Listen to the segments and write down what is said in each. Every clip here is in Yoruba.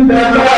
that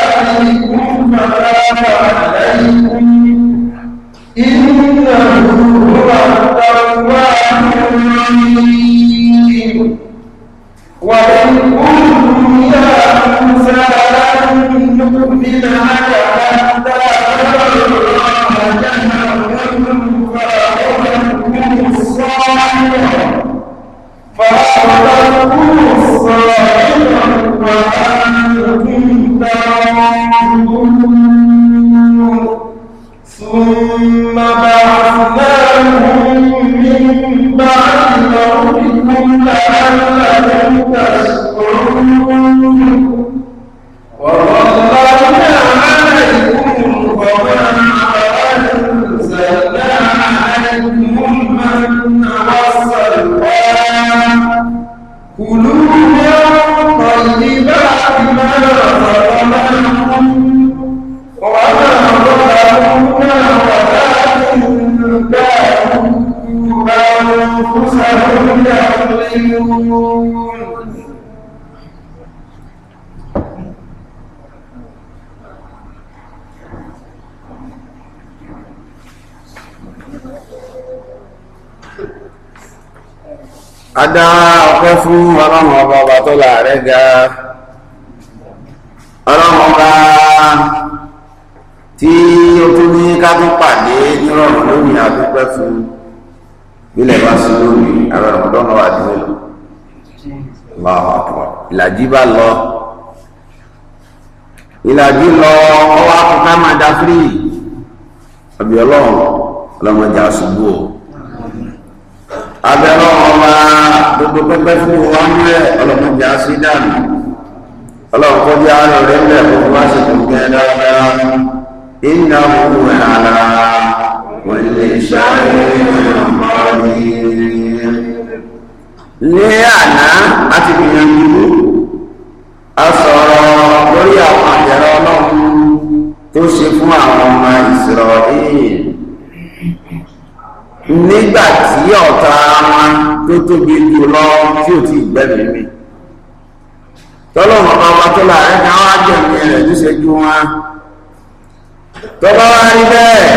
adá ọpẹ́ fún ọlọ́run ọba ọba tó láàrẹ́ ga ọlọ́run ọba tí ó tún ní ká tún pàdé nírọ̀rùn lónìí àdúpẹ́ fún ilẹ̀ bá sí lórí àwọn ọ̀dọ́nà wà ní ìlú ìlàjì bá lọ ìlàjì lọ ọwọ́ akọ̀ká máa da fírì ọbẹ̀ ọlọ́run ọlọ́mọdé àṣùgbò ọ̀ abẹ́rẹ́ ọba gbogbo pẹ́pẹ́ fún wa ń lẹ̀ ọlọ́mọ jà sí dànù ọlọ́run kọjá rẹ̀ rẹ̀ lẹ̀ kó wá sí gbogbo ẹ̀ dáadáa iná wù hàrà wọ́n lè ṣàlẹ̀ ọmọdé. ní àná a ti gbìyànjú a sọ̀rọ̀ lórí àwọn àjẹrọ ọlọ́run tó ṣe fún àwọn ọmọ ìsirọ̀ yìí nígbà tí ọ̀tá wọn tó tóbi jù lọ tí ò ti gbẹ̀mí mi tọ́lọ́mọ ọba tó láàrin kan wá gbẹ̀mí rẹ̀ tó ṣe ju wọn tọ́lọ́ wá rí bẹ́ẹ̀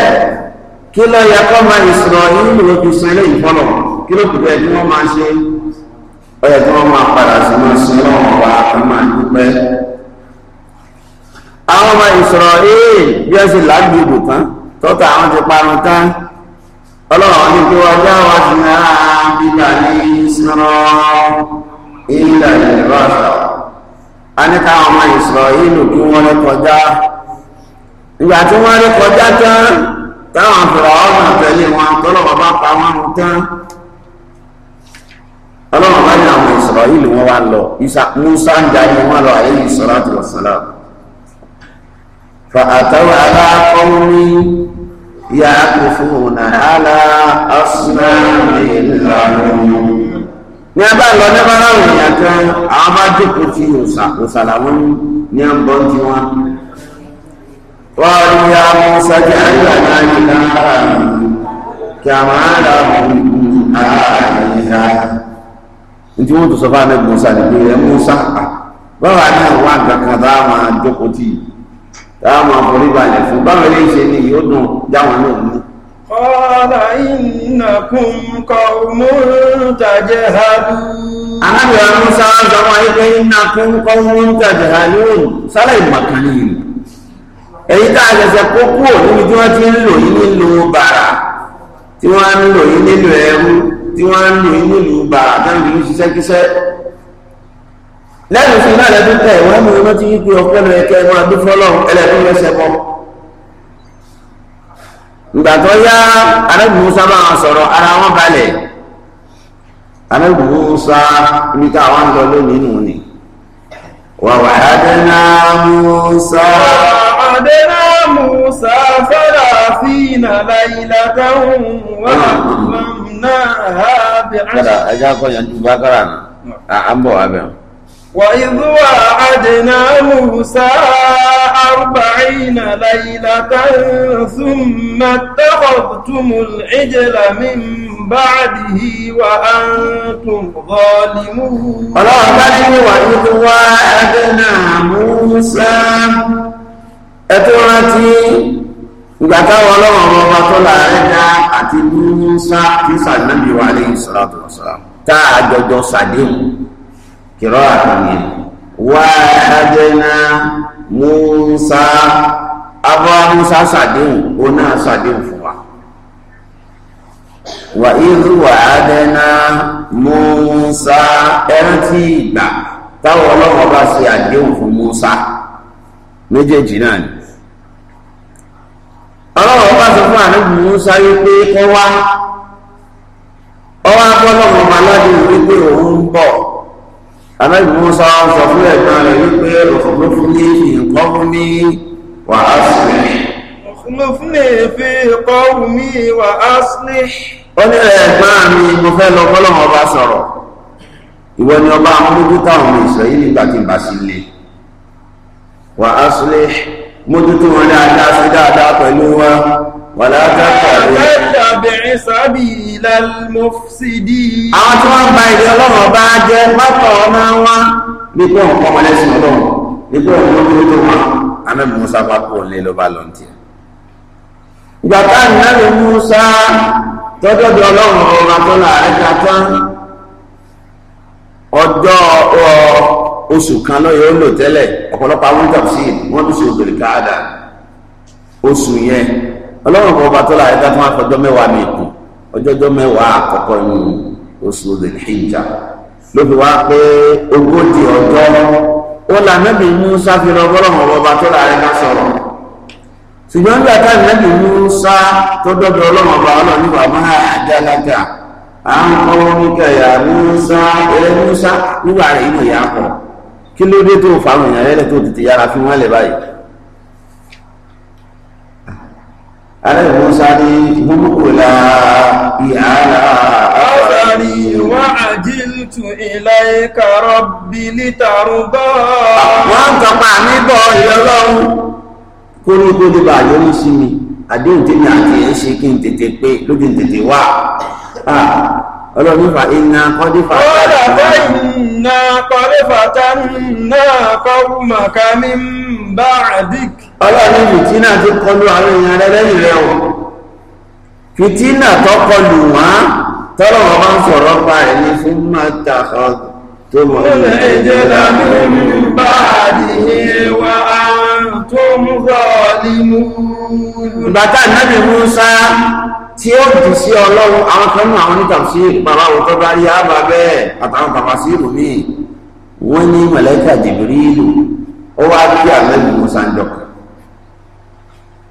kí ló yẹ kọ́ máa ìsọ̀rọ̀ yìí ló fi san ilé ìfọ́nà kí ló kù bẹ́ẹ̀ tí wọ́n máa ṣe ọyẹ tí wọ́n máa padà sí máa ṣe lọ́wọ́ wa ká máa dúpẹ́ àwọn ọmọ ìsọ̀rọ̀ yìí bí wọ́n ṣe lágbègbè tán tọ́ta àwọn ti parun tán ọlọ́run ní kí wọ́n já wá sí náà bíbà ní ìṣúná ilẹ̀ ìrọ̀sà a ní káwọn ọmọ ìṣòro ìlú kí wọ́n lè kọjá ìgbà tí wọ́n lè kọjá tán táwọn fèrè ọmọ tẹ̀lé wọn tọ́lọ́wọ́ bá pa wọn rún tán ọlọ́run bá ní àwọn ìṣòro ìlú wọn wá lọ musa ń darí wọn lọ àyè ìṣòro àti ọ̀sán lọ. fa àtàwọn aláàkọ́ mi yàgùfún àhálà asùnàmìlàrùn. ní a bá lọ ní bá láwọn èèyàn kan àwọn bá jókòó tí òsàlàwọ́ ní à ń bọ́ tí wọ́n. wọ́n rí àwọn sàjà ńlá náà náà kí a máa ra òun àìyá. ní tí wọ́n tó sọ fún àmì gbọ̀nsá ni mú sáà báwa náà wà kankan bá máa jókòó tì í. táwọn máa forí balẹ̀ fún báwọn eléyìí ṣe ni yóò dùn jáwọn náà ní. ọ̀la ìnàkùn kọ múntàjẹ́ hadu. anábìyà musa sọmọ ẹgbẹ́ ìnàkùn kọ múntàjẹ́ hadu sálẹ̀ yìí. èyí tá a ṣẹ̀ṣẹ̀ kó kúrò níbi tí wọ́n ti ń lò yín nílò bàrà tí wọ́n ń lò yín nílò ẹrú tí wọ́n ń lò yín nílò bàrà lẹ́nu fi náà lẹ́dún tẹ̀ ìwọ́n mú iná tí yí pé ọpẹ́ lọ ẹ̀kẹ́ máa dún fọ́lọ́run ẹlẹ́dún lẹ́sẹ̀ bọ́ ìgbà tó yá anábì Musa bá wọn sọ̀rọ̀ ara wọn balẹ̀ anábì Musa ibi tá àwọn ń lọ lónìí nù ni wà wà á dẹ́nà Musa. àdẹ́nà Musa fẹ́rẹ̀ àfihàn láyìnlá táwọn wà lọ́nà àbẹ̀. padà ajá kọjá ju bákàrà náà à ń bọ̀ wá bẹ̀rẹ̀. وإذ وعدنا موسى أربعين ليلة ثم اتخذتم العجل من بعده وأنتم ظالمون الله وإذ وعدنا موسى أترتي ìgbà táwọn ọlọ́run ọba tó láàrin dá àti múnsá tí sàdánàbí wà lẹ́yìn sọ́lá tó sọ́lá tá àjọjọ sàdéhùn kìrọ́ àtàmìyàn wá ajẹ́nà Musa abọ́ Musa sàdéhùn ó náà sàdéhùn fún wa wà ìlú wà ajẹ́nà Musa ẹrántí ìgbà táwọn ọlọ́run ọba ṣe àdéhùn fún Musa méjèèjì náà ni ọlọ́run ọba sọ fún àníbù Musa wípé kọ́ wá ọwọ́ abọ́lọ́run ọba lọ́dún wípé òun ń bọ̀ aláìsí musa sọ fún ẹ̀gbọ́n rẹ̀ wípé òfòfó fún ní nǹkan fún ní wàhásìlẹ̀. òfòfó fún lè fi kọ́ wù mí wàhásìlẹ̀. ó ní ẹ̀gbọ́n mi mo fẹ́ lọ bọ́lọ́mọ ọba sọ̀rọ̀ ìwọ ni ọba amúdójútà ọmọ ìsọ̀yí nígbà tí bá sí lé wàhásìlẹ̀ mójútó wọn dáadáa sí dáadáa pẹ̀lú wọn wàlá tàbí ìsàbí ilẹ̀ mọ́fíṣídì. àwọn tí wọ́n gba ìdí ọlọ́run ọba jẹ́ pátọ̀ ọ̀nà wa ní pé òun kọ́ ọmọlẹ́sìn ọlọ́run ní pé òun lójú tó wà àmì musa bá kú òun lé ló bá lọ ní tiẹ̀. ìgbà tá ìnáwó musa tọ́jọ́ di ọlọ́run ọba tó láàrin ká ọjọ́ oṣù kan lọ́yẹ̀ ó lò tẹ́lẹ̀ ọ̀pọ̀lọpọ̀ àwọn wọ́n tún ṣe òbèrè káàdà oṣù yẹn ọlọ́run kan ọba tó láyé ká tó máa fọjọ́ mẹ́wàá mi kù ọjọ́jọ́ mẹ́wàá àkọ́kọ́ inú oṣù Dhul-Hijjah ló fi wá pé ogójì ọjọ́ ó là nẹ́bí Musa fi lọ bọ́lọ́run ọba tó sọ̀rọ̀ ṣùgbọ́n nígbà tó dọ́dọ̀ ọlọ́run ọba ọlọ́run nígbà máa nígbà rẹ̀ inú ìyá kí ló dé tó alẹ́ musa ní búrúkúlá ìhàlá àwárí wà àjíltù ilẹ̀ ìkàrọ̀ bí lítàrúbọ̀ wọ́n ń tọpa níbọ̀ ìrọlọ́run kórógbódé bá yọrí sí mi àdéhùn tí mi àti ẹ̀ ṣe kí n tètè pé lójú n tètè wà ọlọ́nífà iná kọ́dífà ọlọ́dàfà iná kọ́dífà tánà kọ́wùmọ̀ká mi ń bá àdíkì ọlọ́ni fìtínà ti kọlu àwọn èèyàn rẹ lẹ́yìn rẹ o fìtínà tó kọlu wọn tọ́lọ̀ wọn bá ń sọ̀rọ̀ pa ẹ̀ ní fún mọ́ta ọdún tó mọ̀ ní ẹ̀jẹ̀ lámú bá àdìyẹ wa tó mú rọ́ọ̀lì mú. bàtà nàbì Musa tí ó dì sí ọlọ́run àwọn kan náà àwọn onítàkùsí bàbá àwọn bá rí àbá bẹ́ẹ̀ àtàwọn bàbá sí ìlú míì wọ́n ní mọ̀lẹ́kà Jibrilu ó wá bí àmẹ́bí Musa ń dọ̀kọ̀.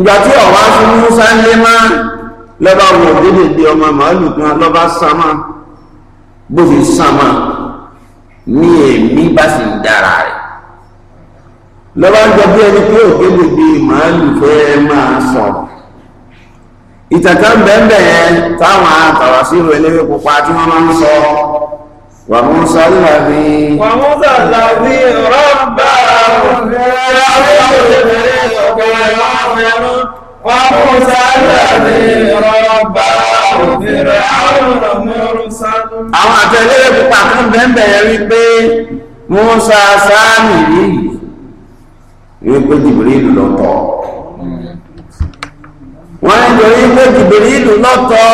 ìgbà tí ọ̀wá sí Musa lé máa lọ́bá wọ òdédè bí ọmọ màálù kan lọ́bá sámá bó fi sámá ní èmi bá sì ń dára rẹ̀ lọ́bá ń jọ bí ẹni pé òdédè bí màálù fẹ́ máa sọ̀rọ̀ ìtàkà bẹ́ẹ̀bẹ̀ yẹn táwọn àtàwà sí ìrò eléwé pupa tí wọ́n máa ń sọ wà mú sálà bí wà mú sálà bí rọ́bà ọ̀rẹ́ الشكر العظيم وموسى الذي رباه àwọn àtẹ̀lé pupa kan bẹ́ẹ̀ yẹn wípé Musa sáàmì yìí wípé Jìbìrìlù lọ́tọ̀ wọ́n ń jọ wípé Jìbìrìlù lọ́tọ̀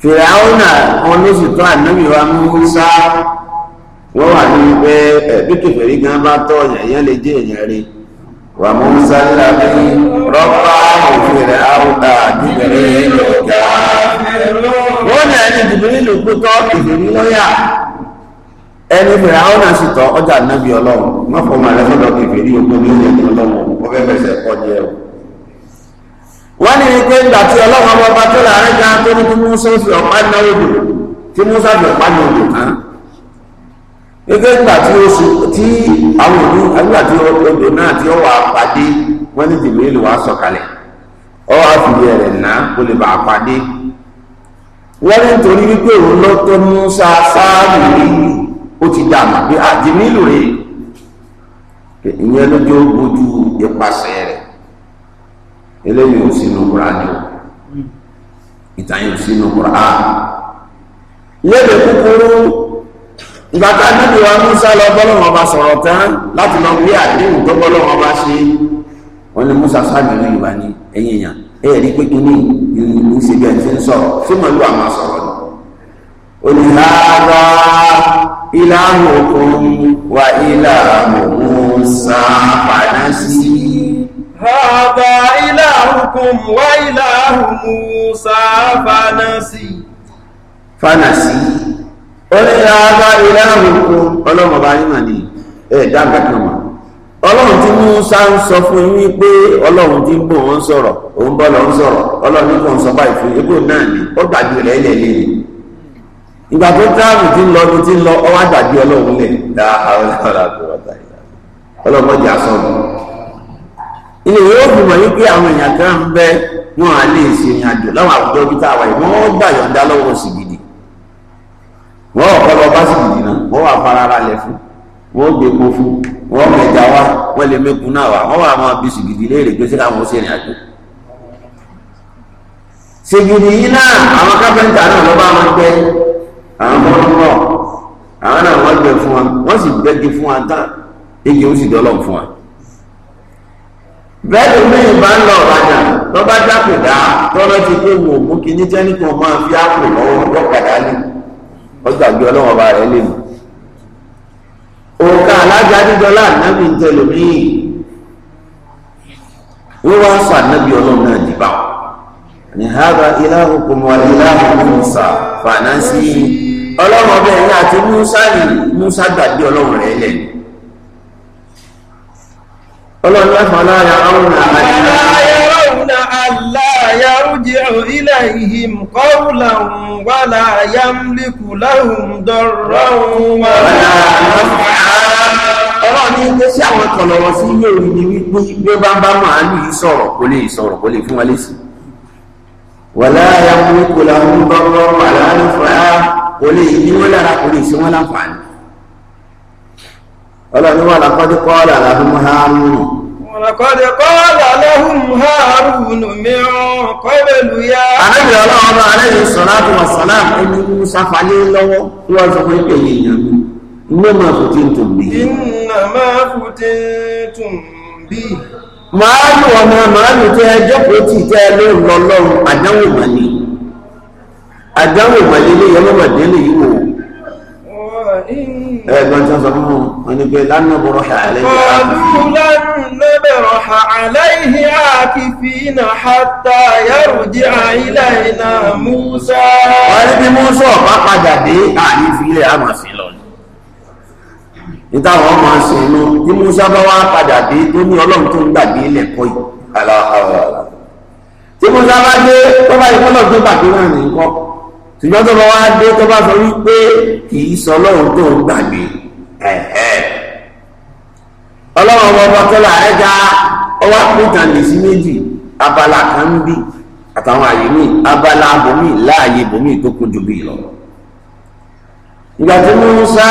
fìràúnà ọlọ́sùtọ́ ànábìwá Musa wọ́n wà ní wípé bí kèfèrí gan bá tọ́ ọ̀yàn lè jẹ́ èèyàn rí وموسى الذي رفعه في الأرض جبريل كافر wọ́n ní ẹni jìbìrìlù kú tọ́ ìfèrí lọ́yà ẹni fèrè àwọn náà sì tọ́ ọjà nábì ọlọ́run wọ́n fọ́ ọmọ ẹlẹ́fọ́ lọ́ọ́ ìfèrí ogún ọlọ́run wọ́n fẹ́ fẹsẹ̀ kọ́ jẹ́ o. wọ́n ní ní ìgbà tí ọlọ́run ọba tó láàrin gan tó ní kí Musa fi ọ̀pá náà odò kí Musa fi ọ̀pá náà odò kan gẹ́gẹ́ nígbà tí ó sùn tí àwọn òdu nígbà tí odò náà tí ó wà pàdé wọ́n ní jìbìrìlù wá sọ̀kalẹ̀ ọ wá fìdí rẹ̀ ná kó lè bàa pàdé wọ́n ní nítorí wípé òun lọ tó Musa sáàlù rí ó ti dà mà pé àjìmílù rè ìyẹn lójó gbójú ipasẹ̀ rẹ̀ eléyìí ò sínú Kùránì o ìtàn yìí ò sínú Kùránì lédè kúkúrú ìgbàtà níbi wa Musa lọ bọ́lọ́wọ́ ọba sọ̀rọ̀ tán láti lọ wí àdéhùn tó bọ́lọ́wọ́ ọba ṣe wọn ni Musa sáàbì ní ìwà ni ẹ̀yìn èèyàn ẹ rí pé kí ni ìlú ṣe bí ẹni tí ń sọ̀rọ̀ tí mo lù sọ̀rọ̀ ni. olùhàrá ìlànà òkun wa ìlànà Musa padà sí. hàbà ìlànàkùn wa ìlànà Musa fanasi. fanasi. oníṣẹ́ àbá ilẹ̀ àwòkún ọlọ́run ọba yín mà ní ẹ̀ẹ́dá kankan mà ọlọ́run tí Musa ń sọ fún yín tí ń òun sọ báyìí fún náà ni ó gbàgbé ìgbà tó ń lọ ń lọ àgbàgbé ọjà ilé mọ̀ wọn à lè ṣe ìrìn àjò láwọn àwùjọ táwa wọ́n ọ̀kọ́ lọ bá sì gidi náà wọ́n wà fara ara lẹ̀ fún wọ́n gbé epo fún wọ́n mẹja wá wọ́n lè mẹ́kun náà wá wọ́n wà máa bí sì gidi léèrè pé síra wọn sẹ́rìn àjò. sègìdì yìí náà àwọn kápẹ́ńtà náà lọ́ bá wọn gbẹ́ àwọn ọmọ náà àwọn náà wọ́n gbẹ fún wa wọ́n sì gbẹ́gi fún wa tán èyí ó sì dọ́lọ́ fún wa bẹ́ẹ̀ni míì bá ń lọ ọ̀rajà tó bá dá tọ́lọ́ ti pé wò mú kí jẹ́ nítorí máa fi ápò lọ́wọ́ lọ́kadà ọgbàgbé ọlọ́wọ́n ọba rẹ̀ lè mú. òǹkà alájà dídọ́lá ànábì ń tẹ̀lé míì wọ́n wá sọ ànábì ọlọ́run náà dìbà ní hábà ilahukum wa ilahu Musa fànánsì ọlọ́run ọbẹ̀ yìí àti Musa ni Musa gbàgbé ọlọ́run rẹ̀ lẹ̀ ọlọ́run ẹ̀fọn lára àwọn àmàlẹ́ náà. ألا يرجع إليهم قولا ولا يملك لهم ضرا ولا نفعا ọlọ́run ní ilé sí àwọn kan lọ́wọ́ sí ilé òní ni wípé bí ó bá ń bá màálù yìí sọ̀rọ̀ kó lè sọ̀rọ̀ kó lè fún wọn lésì. wàlá ayáwó kò láwọn bọ́rọ̀ wàlá ló kò lè ní wọn lára kò lè ṣe wọn láǹfààní. ọlọ́run wà lápá tó kọ́ ọ́ làlá fún muhammadu. Ọ̀nàkọ́dé kọ́ọ̀lá lọ́hùn Hárùn mìíràn kọ́bẹ̀lú yá. Ànábì ọlọ́run bá aláìsí sọ̀láàtù wà sàlámù ẹni mú sáfàlé lọ́wọ́ tí wọ́n sọ pé èyí èèyàn mi. Iná máa fò tí ń tùn bí. Iná máa fò tí ẹgbẹ́ tí wọ́n sọ fún wọn ni pé lánàbọ̀rọ̀ àlẹ́yìn àkìfínà hàtà yàrùjí àìlẹ̀ iná Musa. wọ́n ní bí Musa ọ̀pá padà dé àárín ìfilẹ̀ àmàfin lọ ní táwọn ọmọ ṣe inú bí Musa bá wá padà dé tó ní Ọlọ́run tó ń gbàgbé ilẹ̀ kọ́ yìí. tí Musa bá dé tó bá yẹ kọ́lọ́ tó gbàgbé náà nìkan ṣùgbọ́n tó bá wá dé tó bá sọ wípé kì í sọ ọlọ́run tó ń gbàgbé ọlọ́run ọmọ ọba tọ́lá ẹja ọwá pínta lè sí méjì abala kan ń bí àtàwọn àyè míì abala bòmíì láàyè bòmíì tó kún jù bíi lọ. ìgbà tí Musa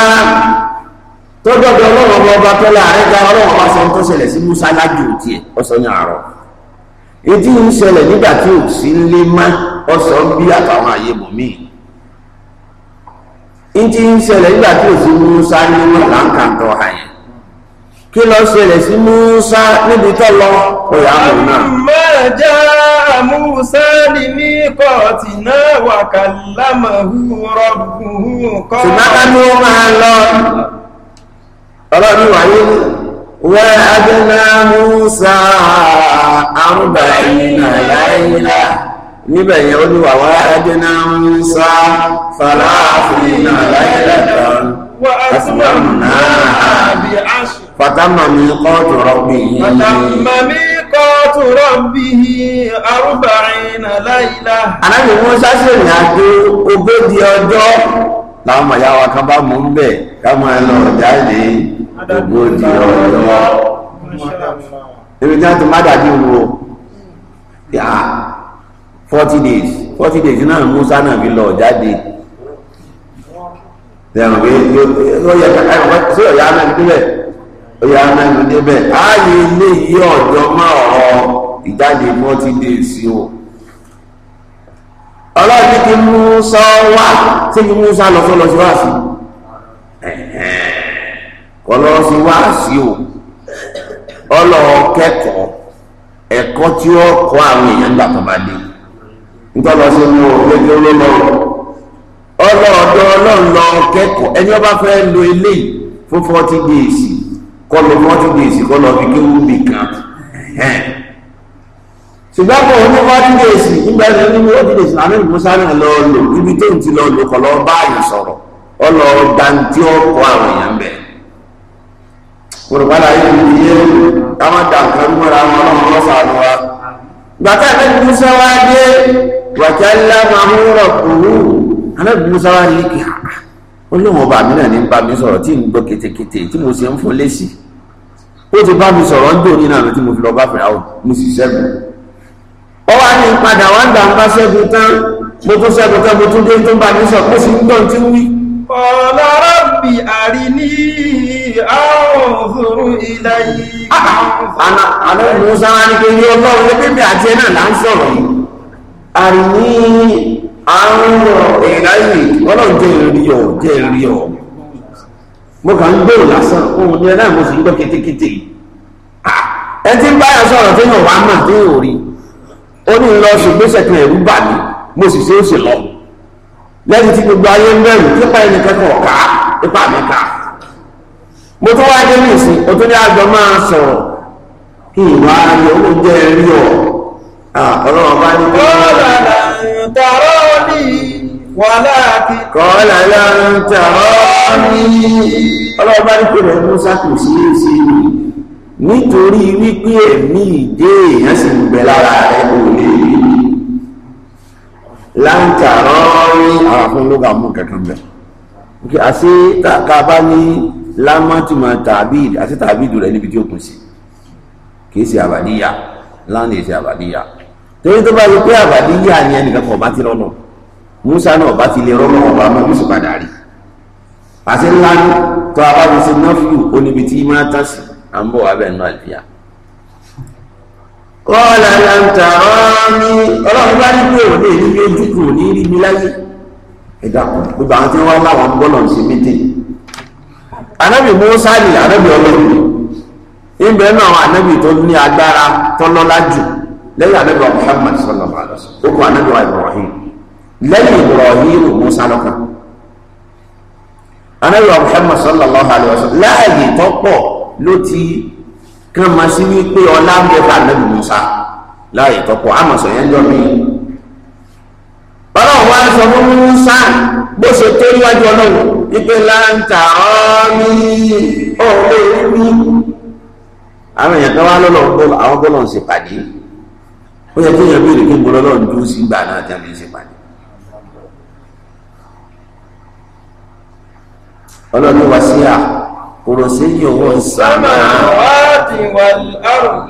tó dọ́dọ̀ ọlọ́run ọba tọ́lá ẹja ọlọ́run ọba sọ tó ṣẹlẹ̀ sí Musa lájú tiẹ̀ ọ̀sán ní àárọ̀ etí ń ṣẹlẹ̀ nígbà tí ò sí lé má ọ̀sọ̀ bí àtàwọn àyè bòmíì etí ń ṣẹlẹ̀ nígbà tí ò sí Musa ní wọn là ń kàn tọ́ àyè kí ló ṣẹlẹ̀ sí Musa níbi tó lọ ọ̀yà àmọ̀ náà. máa já Musa ní ní kọ́ọ̀tì náà wà kàlámàhù rọ̀bùhù kọ́. ṣùgbọ́n ká ní máa lọ ọlọ́run wáyé ni. وعدنا موسى أربعين ليلة níbẹ̀ yẹn ó ní wà wá ẹ́dínà ń sá fàlàáfin àláìlẹ̀ kan fàtàmù náà fàtàmù mi kọ́ọ̀tù rọ́bì yìí. fàtàmù mi kọ́ọ̀tù rọ́bì yìí arúbàrin àláìlá. aláàbò wọn ṣáṣe ìrìn àjò ogójì ọjọ́ làwọn mọ̀yá kan bá mú un bẹ̀ ká máa lọ jáde ogójì ọjọ́ ebi tí wọ́n ti má dàbí wo forty days forty days náà Musa náà fi lọ jáde tẹ̀wọ̀n pé ó yẹ ká ẹ̀rọ sí ọ̀yà náà ní débẹ̀ ọ̀yà náà ní débẹ̀ ààyè ilé yìí ọ̀jọ́ máa ọ̀rọ̀ ìjáde forty days o ọlọ́ọ̀dún kí Musa wá sí Musa lọ fún lọ sí wá ẹ̀hẹ́n ọlọ́run sì wá sí o ọlọ́run kẹ́kọ̀ọ́ ẹ̀kọ́ tí ó kọ́ àwọn èèyàn gbà tó bá dé nítorí ọsẹ mú o lójú ló lọ ọlọ́ọ̀dọ́ ọlọ́run lọ kẹ́kọ̀ọ́ ẹni ọba fẹ́ lo eléyìí fún forty days kọ́ lo forty days kọ́ lọ fi kéwú mi kan ṣùgbọ́n kò ní forty days nígbà tí wọ́n ní forty days àmì musa náà lọ lò ibi tó ń ti lọ lò kọ́ lọ bá àyè sọ̀rọ̀ ọlọ́ọ̀dà tí ó kọ́ àwọn èèyàn bẹ́ẹ̀ kòròpàdà yìí ní iye káwọn dàgbàrú mọ́ra wọn ọlọ́run lọ́sà àánú wa gbàtà ẹ̀fẹ́ musa wá dé wàjálá máa ń rọ̀ kúrú alẹ́bí musa wá ní kí ó ah, ah, lóun ọba mi náà ní bá mi sọ̀rọ̀ tí ń gbọ́ ketekete tí mo ṣe ń fún lésì ó ti bá mi sọ̀rọ̀ ń dòní náà tí mo fi lọ bá fẹ́ àwọn mo sì ṣẹ́gun ó wá ní padà wá ń gbà ń bá ṣẹ́gun tán mo tún ṣẹ́gun tán mo tún dé tó ń mi sọ pé sì ń dọ̀ tí ń wí. ọ̀la rabbi àríní àwòrò ilẹ̀ yìí. àná musa ni pé ní ọlọ́run ní pépè àti ẹ̀ náà là ń sọ̀rọ̀ yìí. àní àwọn ìráyè ọlọ́run jẹ́ ìrírí ọ̀ jẹ́ ìrírí ọ̀. mo kàn ń gbèrò lásán òun ni ẹ náà mo sì ń gbọ́ kétékété. Ah, ẹ ti ń báyọ̀ sọ̀rọ̀ tí yóò wá mà tí yóò rí. ó ní lọ ṣùgbọ́sẹ̀ kan ẹ̀rú bà mí mo sì ṣe é ṣe lọ. lẹ́yìn tí gbogbo ayé ń bẹ̀rù nípa ẹnì kẹ́kọ̀ọ́ ká nípa mi ká mo tún wáá dé ní ìsìn o tún ní àjọ máa sọ̀rọ̀ ìwà ayọ̀ ó jẹ́ rí ọ̀ ọlọ́run bá ní. kọ́ọ̀lá là ń tàrọ́ ní wàhálà àti. kọ́ọ̀lá là ń tàrọ́ ní. ọlọ́run bá ní kò lè mú sákòsí sí i nítorí wípé ẹ̀mí ìdé èèyàn sì ń bẹ lára rẹ̀ kò lè rí láǹtàrọ́ ní àwọn afúnlógà mú kẹ̀kẹ́ bẹ̀. àṣé tá ní lámọ́tìmọ̀ tàbíìdì àti tàbíìdì rẹ̀ níbi tí ó kùn sí kì í ṣe àbàdíyà láàánú ìṣe àbàdíyà torí tó bá rí pé àbàdíyà ni ẹnìkan kan ọba ti rọ́nà Musa náà ọba ti lè rọ́nà ọba ọmọ bí sùpadà rí àti ńlá ní tó a bá fi ṣe nọ́fíù ó níbi tí máa tán sí à ń bọ̀ wá bẹ́ẹ̀ náà lìyà. kọ́ọ̀lá làǹtà ọ́ọ́ni ọlọ́run bá ní pé òde ìdíje ojú kù ní rí mi láyé ẹ̀dá kan gbogbo àwọn tí wọ́n láwọn gbọ́dọ̀ ṣe mítìnì anabi musa ni anabi ọlọ́run ìbẹ̀ náà àwọn anabi tó ní agbára tọ́lọ́lá jù lẹ́yìn anabi wa muhammad sallallahu alaihi wasallam ó kọ anabi wa ibrahim lẹ́yìn ibrahim musa lọ́kàn anabi wa muhammad sallallahu alaihi wasallam láàyè tọ́pọ̀ ló ti kàn máa sí wípé ọlá ń bẹ fún anabi musa láàyè tọ́pọ̀ àmọ̀sọ̀ yẹn jọ mí ọlọ́run wa sọ fún musa bó ṣe tó níwájú ọlọ́run wípé láǹtà ọ́ọ́mí ọ̀rẹ́ rí àwọn èèyàn kan wá lọ́lọ́ àwọn bọ́lọ̀ ń ṣe pàdé ó yẹ kí èèyàn béèrè kí n bọ́ lọ́lọ́ ń dúró sí ìgbà náà tí a fi ń ṣe ọlọ́run wá sí à kòrò sí yìí òun ń sámà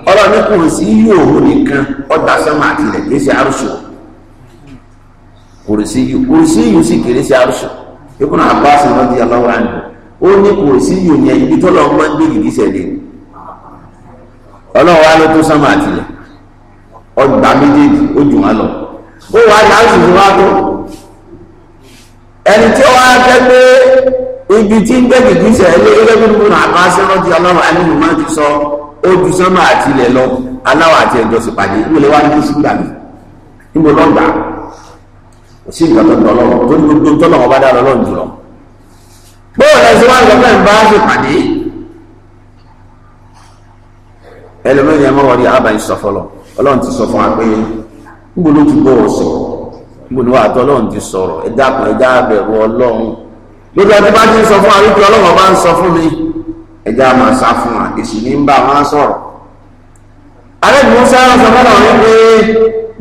ọlọ́run kò sí yìí òun nìkan ọ̀dà sọ́mà àti ilẹ̀ kì í ṣe àrùsùn kùrìsíyù kùrìsíyù sì kéré sí arúṣù Ibn Abbas radiyallahu anhu ó ní kùrìsíyù yẹn ibi tó lọ máa ń gbé gidi sẹlẹ ni Ọlọ́run wa ló tó sánmà àtìlẹ ọgbà méjèèjì ó jù wọn lọ ó wà ní arúṣù tó wá tó ẹni tí ó wá jẹ́ pé ibi tí ń gbé gidi sẹlẹ ilé Ibn Abbas radiyallahu anhu máa ti sọ ó ju sánmà àtìlẹ lọ aláwọ àti ẹjọ sì pàdé ìwọlé wa ní kí sí gbàgbé ìbò lọgbàá kò sí nǹkan tó ń tọ́lọ́ tó ń gbogbo tọ́lọ́ wọn bá dá lọ́lọ́ jùlọ. bóòlù ẹ̀sìn wọn lọ fẹ́ bá ṣe pàdé ẹlòmíràn yẹn mọ́wọ́ rí abayin sọ fọlọ ọlọ́run ti sọ fún wa pé níbo ló ti bọ́ ọ sọ̀rọ̀ níbo ni wà á tọ́ ọlọ́run ti sọ̀rọ̀ ẹ̀dá kan ẹ̀dá bẹ̀rù ọlọ́run lójú ẹni bá ti ń sọ fún wa wípé ọlọ́run bá ń sọ fún mi ẹ̀dá máa sá fún wa èsì ní ń bá wọn sọ̀rọ̀. alẹ́ bí wọ́n sáré sọ fọ́nà wípé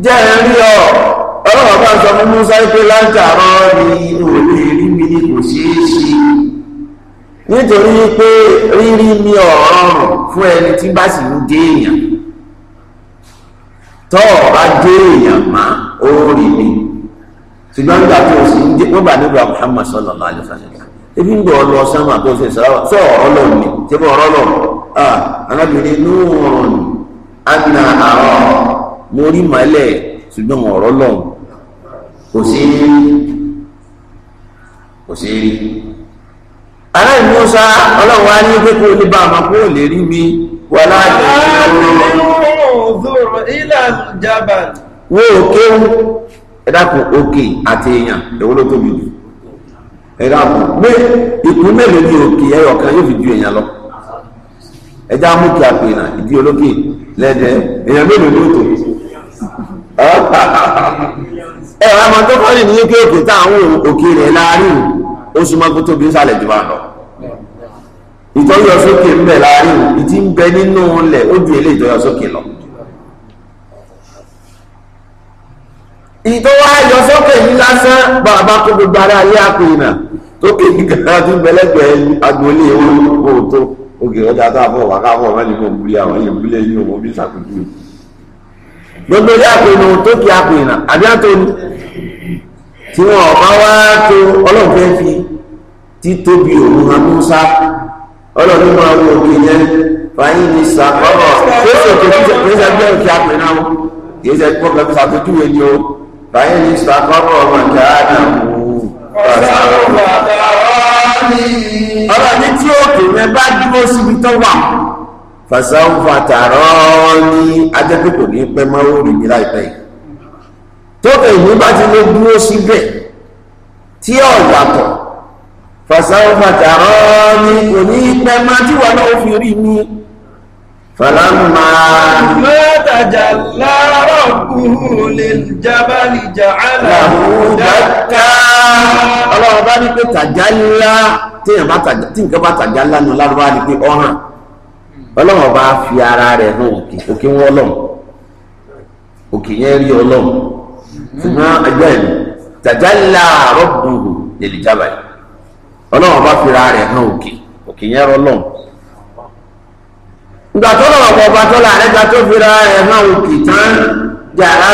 jẹ́ ẹ̀ ń rí ọ ọlọ́wọ́ bá sọ fún Musa pé látàárọ̀ ni inú olè rí mi ni kò ṣeé ṣe nítorí pé rírí mi ọ̀rọ̀rùn fún ẹni tí bá sì ń dé èèyàn tọ́ ọ dé èèyàn má ó mi ṣùgbọ́n nígbà tó o sì ń dé wọ́n bá nígbà Muhammad sallallahu alaihi wasallam ebi ń gbọ́ ọ lọ sánmà tó ṣe sọ́wọ́ sọ ọ̀rọ̀ lọ ni ṣé bọ́ ọ̀rọ̀ lọ arábìnrin núùrùn àná mo rí màálẹ̀ ṣùgbọ́n ọ̀rọ̀ lọ́hùn kò sí rí kò sí rí aláì musa ọlọ́run wá ní pé kó lè bá àmà kó lè rí mi wà láàyè wo òkè ẹ̀dàkùn òkè àti èèyàn èwo ló tóbi jù ẹ̀dàkùn pé ìpín mélòó ní òkè ẹyọ kan yóò fi ju èèyàn lọ ẹja mú kí àpè náà ìdí olókè lẹ́dẹ̀ẹ́ èèyàn mélòó ní òtò ẹwà ọmọ tó kọ́ nìyí pé òkè táwọn òkè rẹ̀ láàrin oṣù mọ́kú tóbi ń sàlẹ̀ jù máa lọ ìtọ́jú ń bẹ láàrin ìtí ń bẹ nínú ilẹ̀ ó ju ilé ìtọ́jú ọsókè lọ. ìtọ́wá ayọ̀sókè yìí lásán bàbá kó gbogbo ara ilé àpèyìnà tó ké ní tó ń owó tó ọjà tó ń àwọn gbogbo ilé àpinnu tó kí àpinnu àbí àtòní tí wọn ọba wá tó ọlọ́run fẹ́ fi títóbi òun hàn Musa ọlọ́run máa wo òkè yẹn fàyín ní sàkọ́rọ̀ tó sòkè kí sẹ́gbẹ́ òkè àpinnu àwọn kì í ṣe kó kẹfì sàtúntúwe ni o fàyín ní sàkọ́rọ̀ ọmọ ìjà àdàmú ọlọ́run tí òkè yẹn bá dúró síbi tó wà fàṣàwùfà tààrọ́ ní ajẹ́pẹ̀tò ní pẹ́ mọ́wó rí mi láìpẹ́ yìí tókè ìwé bá ti lè dúró síbẹ̀ tí ọ̀ yàtọ̀ fàṣàwùfà tààrọ́ ní kò ní pẹ́ má tí wà náà fi rí mi fàlámà. mọ́tàjà lárọ̀ kúrú lè jábàlì jà àlàmú dáká. ọlọ́run bá ní pé tàjà ńlá tí nǹkan bá tàjà ńlá nù lárúbá ní pé ọ̀hàn. ọlọ́run bá fi ara rẹ̀ hàn òkè òkè wọn lọ́m òkè yẹn rí ọlọ́m ṣùgbọ́n ẹgbẹ́ mi tajalla rabbuhu lèlè jábà yìí ọlọ́run bá fi ara rẹ̀ hàn òkè òkè yẹn ìgbà tó lọ́wọ́ bọ̀ tó tó fi ara rẹ̀ hàn òkè tán jàrá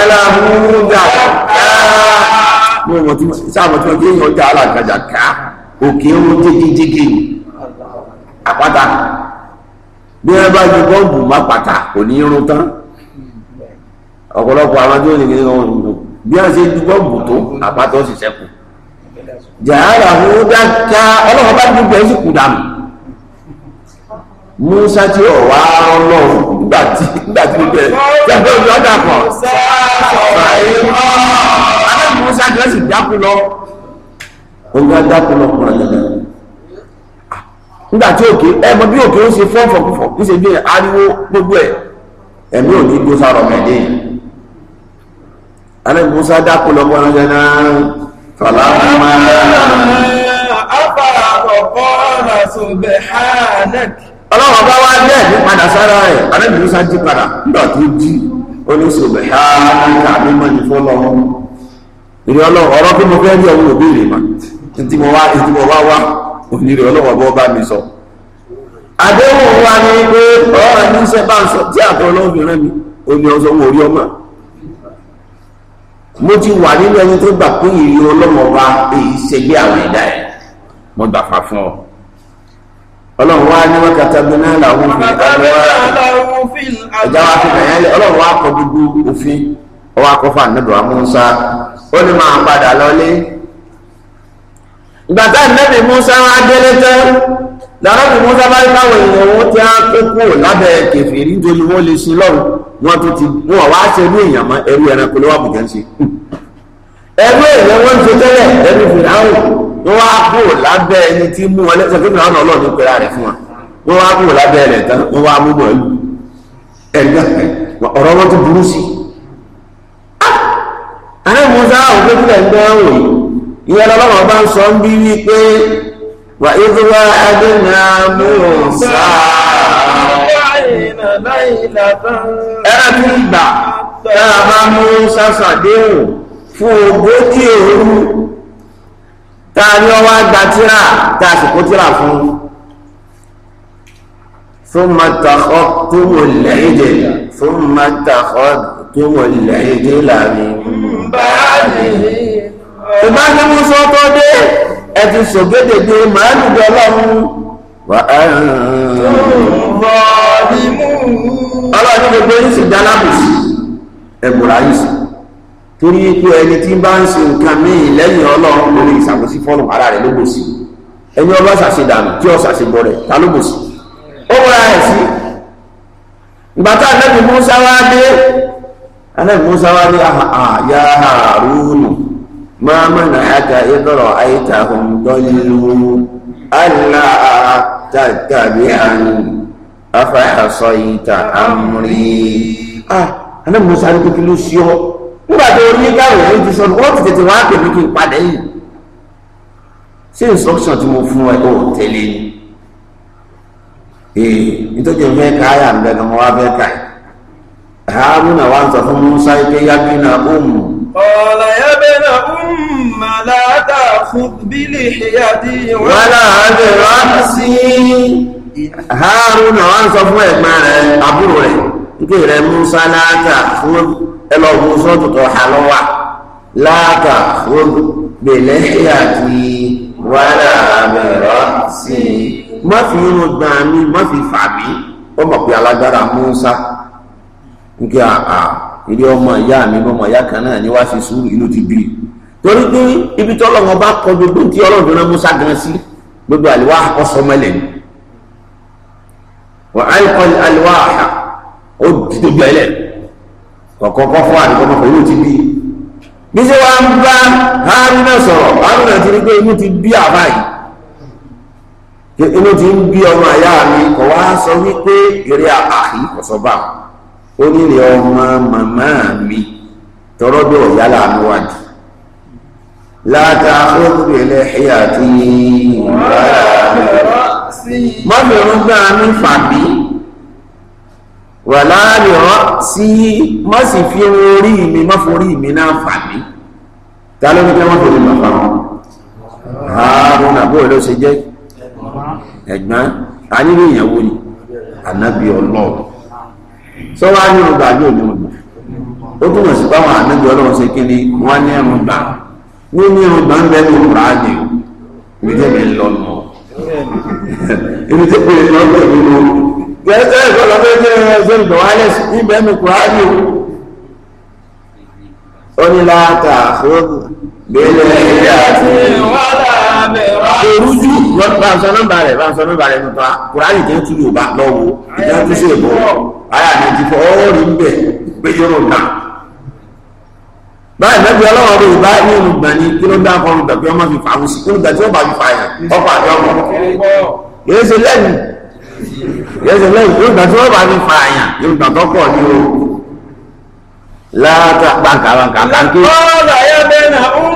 bí wọ́n bá ju bọ́ǹbù má pàtà kò ní irun tán ọ̀pọ̀lọpọ̀ àwọn tí ó lè ní ọ̀hún ìlú bí wọ́n ṣe ju bọ́ǹbù tó àpátọ́ sì sẹ́kù jàhálà fún dáká ọlọ́run bá dúpẹ́ sí kù dànù musa tí ó wá ọlọ́run nígbà tí nígbà tí gbogbo ẹ̀ jẹ́gbẹ́ ojú ọ̀dà kan musa tí ó sì dákú lọ ó ń gbá dákú lọ kúrò lẹ́gbẹ̀ẹ́ nígbà tí òkè ẹ mọ bí òkè ó ṣe fọ́ fọ̀kúfọ̀ ń ṣe bí ariwo gbogbo ẹ̀ ẹ̀mí ò ní gbó sára ọmọ ẹ̀dẹ́ yìí alẹ́gbó sá dákú lọ́gbọ́n ránṣẹ́ náà fàlà máa afárá ọ̀pọ̀ ọ̀nà ṣùgbẹ́ hánẹ́kì. ọlọ́wọ́n bá wá dẹ́ ní padà sára ẹ̀ alẹ́gbó sá jí padà nígbà tó jí oníṣòwò hánẹ́kì àbí mọ́ni fọ́lọ́ ìrìn ọlọ́run ọ̀rọ̀ kí mo fẹ́ rí ọ̀hún òbí rè mà ní tí mo wá wá onírè ọlọ́wọ́ bọ́ bá mi sọ. àdéhùn wa ni pé ọ̀rọ̀ ní sẹ́ bá ń sọ tí àtọ̀ ọlọ́bìnrin mi ò ní ọsọ wọn orí ọmọ. mo ti wà nínú ẹni tó gbà pé ìrì ọlọ́wọ́ bá èyí ṣẹgbẹ́ àwọn ẹ̀dá ẹ̀ mo gbà fà fún ọ. ọlọ́run wa ní wọ́n kàtà bí náà làwọn fi ẹ̀dá wa fi kàn yẹn ọlọ́run wa kọ gbogbo òfin ọwọ́ akọ́fà nígbà wọn mú sá ó ní máa padà lọlé ìgbàtà ìnẹ́bì Musa wá délé tẹ́ lọ́rọ́bì Musa bá káwọn èèyàn wọn ti á kó kúrò lábẹ́ kẹfìrí nítorí wọ́n lè sin lọ́rùn wọn tó ti wọn wá ṣe ní èèyàn mọ́ ẹrú ẹranko ló wà bùjẹ́ ń ṣe ẹrú èèyàn wọn ṣe tẹ́lẹ̀ ẹrú fìdáhùn wọn wá kúrò lábẹ́ ẹni tí mú wọn lẹ́sẹ̀ fún àwọn ọlọ́ọ̀ni pẹ̀lá rẹ̀ fún wa wọn wá kúrò lábẹ́ rẹ̀ tán wọn wá mú ìyẹn lọ́wọ́ bá ń sọ ń bí wípé wà ìdúrà adéna mùsà ẹ̀rọ tí ìgbà tẹ́ra bá mú sásàdéhùn fún ogójì òru ta ni ọ wá gba tíra ta àsìkò tíra fún fún matakọ tó wò lẹ́yìn dè fún matakọ tó wò lẹ́yìn dè láàrin ìgbà tí mo sọ tó dé ẹ ti sògédè dé màálù jọ lọ́run wà á ọlọ́run gbogbo yìí sì dálábùsì ẹ̀bùrà yìí sì torí pé ẹni tí bá ń ṣe nǹkan míì lẹ́yìn ọlọ́run lórí ìṣàkóso fọ́nù ara rẹ̀ ló ẹni ọba ṣàṣedànù tí ọ ṣàṣebọ rẹ̀ ta ló ó wọra ẹ̀ sí ìgbàtà anábì musa wá dé anábì musa wá dé àyà àrùnù ما منعك إذ رأيتهم ضلوا ألا تتبعن أفحصيت أمري آه ah, أنا موسى لك لوسيو nígbà tó ní káwọn èyí ti sọ wọ́n ti tètè wá pèmí kí n padà yìí ṣé instruction tí mo fún ẹ ò tẹ̀lé ni ee eh, nítorí fẹ́ ká ń bẹ kí wá fẹ́ ká yìí wa ń sọ fún Musa ike yá bí na قال يا ابن أم لا تأخذ بلحيتي ولا برأسي Harun àwọn sọ fún ẹ̀gbọ́n rẹ̀ àbúrò rẹ̀ nígbè rẹ̀ Musa láàkà fún ẹlọ́gbọ̀n sọ́tò tó hà lọ́wà láàkà fún gbèlẹ́hìá ti wàhálà àbẹ̀rọ̀ sí i. má fi irun gbà mí má fi fà mí ó mọ̀ pé alágbára Musa nígbà àà ilé ọmọ ìyá mi lọmọ ìyá kan náà ni wá sí sùúrù inú ti bí torí pé ibi tí ọlọ́run bá kọ gbogbo tí ọlọ́run dúró musa gan sí gbogbo àlùwà ọsọ mẹlẹ ni wà á kọ àlùwà ó di gbogbo ẹlẹ kọkọkọ fún àdìgbọmọ pẹ̀lú ti bí bí ṣe wàá ń bá haruna sọ̀rọ̀ haruna ti rí pé inú ti bí àbá inú ti ń bí ọmọ ìyá mi kọ wá sọ wípé eré àkàkì kọsọ báwọn ó nílé ọmọ màmá mi tọrọ bí ọ̀yá láàánú wà jù láta àkókò ilé ẹ̀yà tí mọ́bìnrin gbá mi fàbí wà láàrin ọ́ sí mọ́ sì fi orí mi mọ́ forí mi náà fàbí ta ló ní kí wọ́n fèrè bàbá wọn ààrùn àbúrò ló ṣe jẹ́ ẹ̀gbọ́n a nílò ìyàwó ni ànábì ọlọ́run sọ wá ní ọgbà yóò ní ọgbà ó túmọ̀ sí báwọn ànábì ọlọ́run ṣe kíni wọ́n ní ẹ̀rùn gbà wọ́n ní ẹ̀rùn gbà ń bẹ́ẹ̀ ní ọ̀rọ̀ àdè o ibi tẹ́ mi lọ nù ibi tẹ́ mi lọ bẹ̀ mí lọ gẹ́gẹ́ ìkọlọ bẹ́ẹ̀ ní ẹ̀rọ ẹ̀sẹ̀ ìdọ̀wálẹ̀ sí ibẹ̀ mi kúrò àdè o. ó ní láta àfọ́ bẹ́ẹ̀ ní ẹ̀yà àti orújú ránṣọ nọ́mbà rẹ̀ ránṣọ nọ́mbà rẹ̀ nípa kùránì tó tún yóò bá lọ́wọ́ ìjà tó ṣe bọ̀ ayé àdéjì fọ ọ́ rí bẹ̀ pé yọrọ nà. báyìí lẹ́bi ọlọ́wọ́ bẹ́ẹ̀ bá ní olùgbà ní kí ló dá fọlù gbàgbé ọmọ fi fàwọn sí olùgbà tí ó bá fi fàyà ọkọ̀ àti ọmọ. yéé lẹ́yìn yéé lẹ́yìn olùgbà tí ó bá fi fàyà olùgbà tó pọ̀ ní o. láàtà pàǹkà pàǹkà pàǹkà. ọ̀rọ̀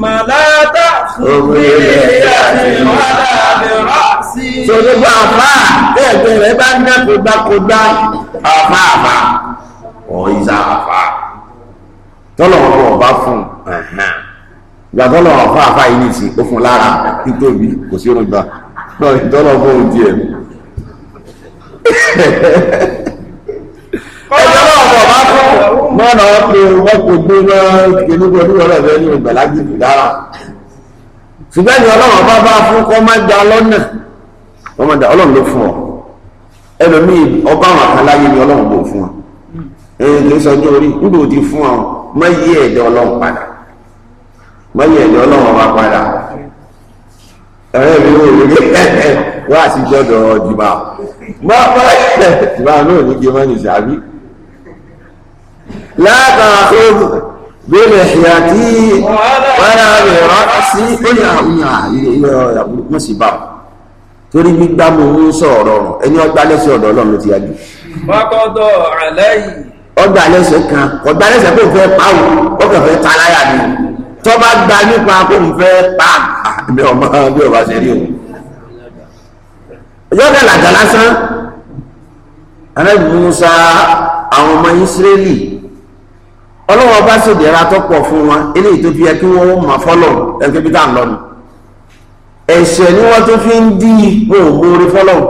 màláta òkèèrè àti màláta rọ́ọ̀sì. sọ̀rọ̀ àfà tẹ́ẹ̀tẹ́ rẹ̀ bá ń dá kó gbá kó gbá àfà àfà ọ̀yíṣà àfà tọ́lọ̀ wọn bọ̀ bá fún ìgbà tọ́lọ̀ àfà àfà yìí nìsí ó fún lára nítorí kò sí orun gbà tọ́lọ̀ fún òun tiẹ̀. mọ́nà wọn pe wọ́n kò gbé náà kìíní kò ní ọ̀rọ̀ rẹ ní ìgbàlágbé kò dára ṣùgbọ́n ní ọlọ́run bá bá fún kọ́ má da lọ́nà ọmọ da ọlọ́run ló fún ọ ẹlòmíì ọba àwọn àkàláyé ni ọlọ́run bò fún ọ ẹni kì í sọ ọjọ́ orí nígbà òdi fún ọ má yí ẹ̀dẹ̀ ọlọ́run padà má yí ẹ̀dẹ̀ ọlọ́run ọba padà ẹ̀rẹ́ mi ò rí wá sí jọ́dọ̀ ọ̀dìbà má bá ẹ̀ dìbà náà ní kí n látàkùrù bẹ́ẹ̀ ìyá tí wọ́n á rẹ̀ rọ́ sí ẹ̀yà ìyá ilé ọ̀yà burúkú sí bá torí gbígbá mu ń sọ̀rọ̀ ẹni ọgbà lẹ́sẹ̀ ọ̀dọ̀ ọlọ́run ló ti yájú. wákọ́dọ̀ àlẹ́ yìí. ọgbà lẹ́sẹ̀ kan ọgbà lẹ́sẹ̀ kò fẹ́ pa òun ó kàn fẹ́ ta láyà ni tọ́ba gba nípa kò ń fẹ́ pa àbẹ ọmọ bí ọba ṣe rí o. yọ̀dẹ̀ làjà lásán anábì Musa àwọn ọmọ Ísírẹ́lì ọlọ́run ọba dị tó pọ̀ fún wọn eléyìí tó fi yẹ kí wọ́n máa fọ́lọ̀ ẹ̀ṣẹ̀ ni wọ́n tó fi ń dí ipò ògbóore fọ́lọ̀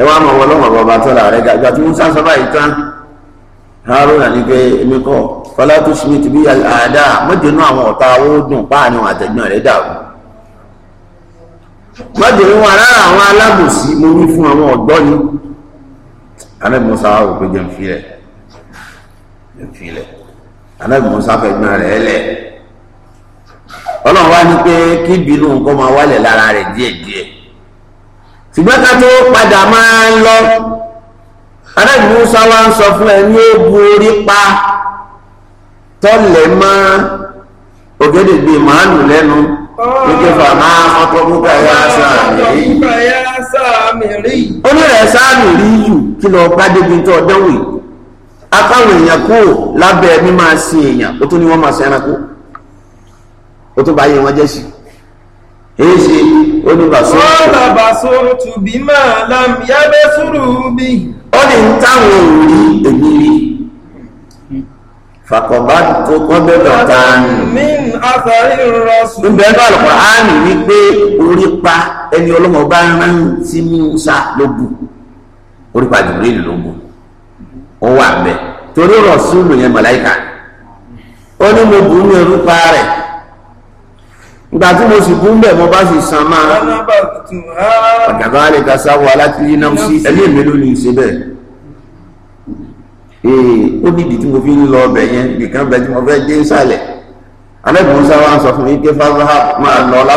ẹ wá mọ̀ ọlọ́run ọba ọba tó gàgbà tí báyìí tán haruna ní pé èmi kọ́ fọlá tó ṣe ti bí àdá àwọn ọ̀tá owó dùn páàní àtẹ̀gbọ́n wọn rárá àwọn alábòsí mo ní fún àwọn alẹ́ ìfilẹ̀ anábì musa fẹ́ gbọ́n rẹ̀ lẹ̀ ọlọ́run wá ní pé kí bínú nǹkan máa wálẹ̀ lára rẹ̀ díẹ̀díẹ̀ ṣùgbọ́n ká tó padà máa ń lọ anábì musa wá ń sọ fún ẹ ní egbò orí pa tọ́lẹ̀ mọ́ ògédègbè màálù lẹ́nu gbogbo fà máa fọ́tọ́ púpọ̀ yá sáàmì rí ó ní rẹ̀ sáàmì rí yù kí lọ bá débi tó ọdẹ́wò akáwọn èèyàn kú lábẹ́ mi máa sin èèyàn ó tún ní wọ́n máa sin ẹranko ó tún bá yé wọn jẹ́ sí èyí ṣe ó ní bàṣọ. wọ́n là bàṣọ tùbí máa làm yábẹ́ sùúrù bí. ó ní táwọn ò rí èmi rí fàkọ̀bá tó kọ́ bẹ́ẹ̀ lọ́ta ni. min àtàrí rọ̀ṣù. ń bẹ́ẹ̀ bá lọ́pọ̀ á nì ní orí pa ẹni ọlọ́mọba rán sí Musa lógun orí pa Jibril lógun. ó wà torí si yẹn màláíkà ó ní mo bù nwere ní orúkọ tí mo sì bú ń mo bá sì san máa ọ̀gàgán lè ta sáwọ́ alátìlí náà sí ẹ̀mí èmi ló ní í ṣe bẹ́ẹ̀ ee tí mo fi ń lọ ọbẹ̀ yẹn nìkan bẹ tí mo fẹ́ dé sọ fún mi pé máa lọ lọ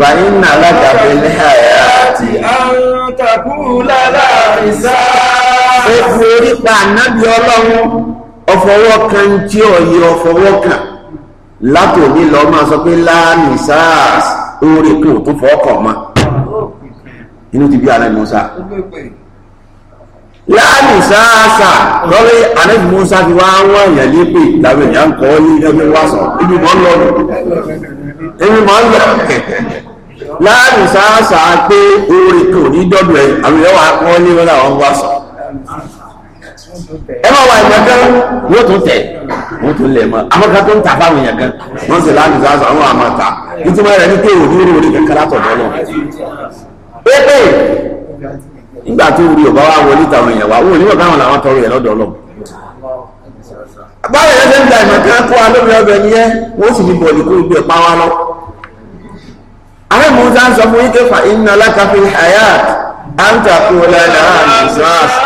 fàyín àyà ó fi orí pa ànábì ọlọ́run ọfọwọ́ kan tí ọ̀yẹ ọfọwọ́ kan látòní lọ máa sọ pé láàmì sars oore kò tó fọ́ọ̀kọ̀ mọ́ inú ti bí ànábì Musa láàmì sáàsà lọ́rí ànábì Musa fi wá wọ́n èèyàn lépè làwọn èèyàn ń kọ́ ní ẹgbẹ́ wá sọ ibi mọ́ ń lọ ibi mọ́ ń lọ láàmì sáàsà pé oore kò ní dọ́dọ̀ ẹ̀ àwọn èèyàn wà kọ́ ní wọn làwọn wá sọ. ẹ máa wà ìyẹn kan yóò tún tẹ̀ wọ́n tún lẹ̀ mọ́ àwọn tó ń ta fáwọn èèyàn kan wọ́n sì sọ àwọn àmọ́ ta rẹ̀ ní kéwòn ní orí kankan náà. pépè tó ọba wa wọlé èèyàn wa wọn ò káwọn làwọn tọrọ yẹn lọ́dọ̀ ń da ìmọ̀ kan kó alóbi ọbẹ̀ ni yẹ́ wọ́n sì ní bọ̀lì kó gbé pa wá lọ. àwọn sá ń sọ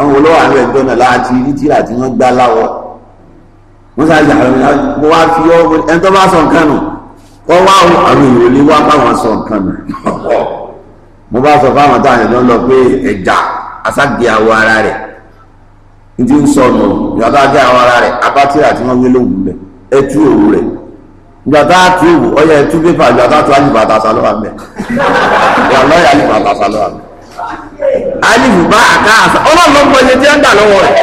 àwọn olówó àlọ́ ẹ̀jọ́ náà láti rí tíra tí wọ́n gbá láwọ́ wọ́n sáré jà àwọn ènìyàn mo wá fi ọ́ ẹni tó bá sọ nǹkan nù kọ́ wá àwọn sọ nǹkan nù mo bá sọ fáwọn táwọn lọ pé ara rẹ̀ ti ń ara rẹ̀ abá tíra tí wọ́n gbé lóhùn bẹ̀ ẹ tú òwú rẹ̀ gbàtà tùbù ọyẹ tú pépà gbàtà tó alifu bá àkáàsà ọlọ́run ló gbọ́nye tí ó ń dà lọ́wọ́ rẹ̀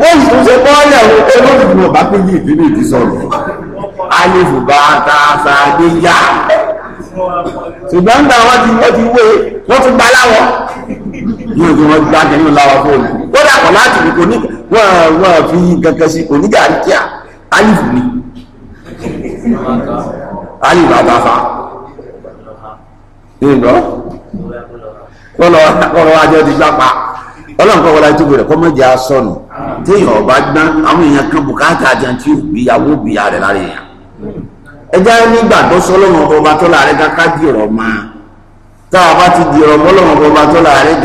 wọ́n sì tún ṣe bọ́ọ̀lẹ̀ ohun olóògùn ọba pé ní ìdílé ìdí sọ̀rọ̀ alifu bá àkáàsà dé yá ṣùgbọ́n gbà wọ́n ti wọ́n ti wé wọ́n tún gba láwọ̀ yóò tún wọ́n gbá kẹ́lú láwọ̀ fóònù wọ́n dàpọ̀ láti ní kò ní wọ́n fi kankan sí kò ní gàrí kíá alifu ni alifu àtàfà. Ìgbọ́. kọlọ ajọ di gbàpá ọlọ́run kọ́ wọlé àtúbọ̀ rẹ̀ kọ́ mọ́ jẹ́ asọ́nù téèyàn ọba gbá àwọn èèyàn kan bùkátà òbí òbí ya lára èèyàn ẹjá nígbàgbọ́ sọlọ́run ọba ọba tọ́lá rẹ̀ ká ká dìrọ̀ ma tá a bá ti ọba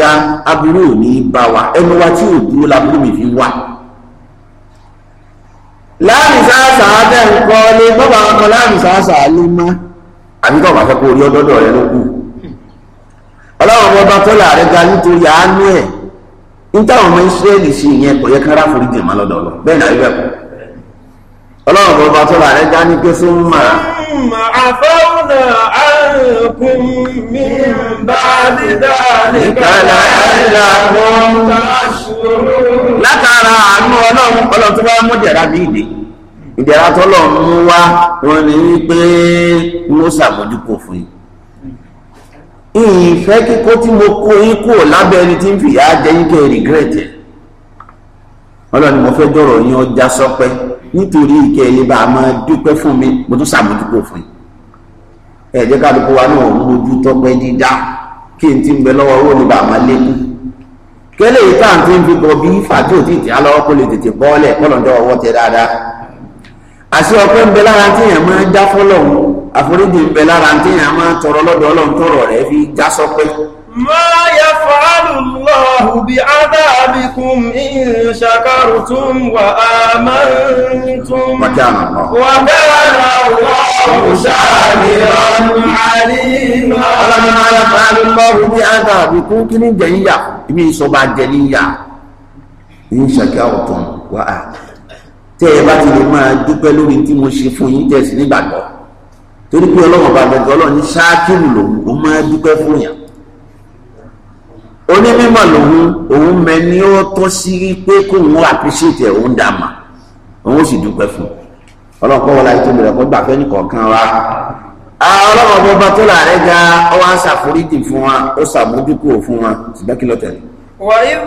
ga bá wa ẹnu wa tí mi fi wá. sáàsà ń kọ́ sáàsà má bá fẹ́ kó ọlọ́run ọba tó láàrin ga nítorí àánú ẹ̀ nítawọn ọmọ ìsírẹ́lì sí ìyẹn kò yẹ kára forí jẹ̀mọ́ lọ́dọ̀ lọ bẹ́ẹ̀ náà ibẹ̀ kọ́ ọlọ́run ọba tó láàrin ga ní pé fún mà. àfẹ́wọ̀nà àrùnkùn mi bá dídá nìkan àìlà wọn bá ṣòro. látara àánú ọlọ́run ọlọ́run tó bá mú jẹ̀rá bí ìdè ìdẹ̀ra tọ́lọ̀ mú wá wọn ni wípé mú sàmójúkò fún yìí. ìfẹ́ kíkó tí mo kó yín kúrò lábẹ́ ẹni tí ń fìyà jẹ yín kẹ́ rìgírẹ̀tì mo fẹ́ dọ̀rọ̀ yín ọjà sọpẹ́ nítorí ìkẹ́ ẹ̀yẹ bá a máa mi mo tún sàmójúkò fún yín ẹ̀jẹ̀ kálukú wa náà ń lójú tọpẹ́ dídá kí n ti ń bẹ lọ́wọ́ owó ni bá a máa lékún kẹ́lẹ́ yìí táà ti ń fi bọ̀ bí fàájì ò kó lè tètè bọ́ọ̀lẹ̀ àforíjì ń bẹ lára tí yàn máa tọrọ lọ́dọ̀ ọlọ́run tọrọ rẹ̀ fi já sọpẹ́. ma yaf'alullahu bi'adhabikum in shakartum wa amantum. wa kana Allahu shakiran alima. ọlọ́run ma yaf'alullahu bi'adhabikum kí ni jẹ́ yíyà ibi ìsọba jẹ́ níyà in shakartum wa amantum. tẹ́ ẹ bá ti lè máa dúpẹ́ lórí tí mo ṣe fún yín tẹ̀sí nígbàgbọ́ torí pé ọlọ́wọ́n bá gbẹ̀gbẹ̀ ọlọ́run ní ṣáàkìlù lòun ó máa dúpẹ́ fún yàn onímọ̀ lòun òun mẹ ni ó tọ́ sí pé kóun àpíṣètì ẹ̀ òun dàmà òun ó sì dúpẹ́ fún ọlọ́run kọ́ wọlé àìtó bẹ̀rẹ̀ kó gbà fẹ́ nìkọ̀ọ̀kan wa ọlọ́run ọba tó láàrẹ́ ga ó wá ṣàforíjì fún wa ó ṣàmójúkúrò fún wa ṣùgbọ́n kí ló وإذ